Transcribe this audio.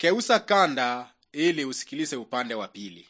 Keusa kanda ili usikilize upande wa pili.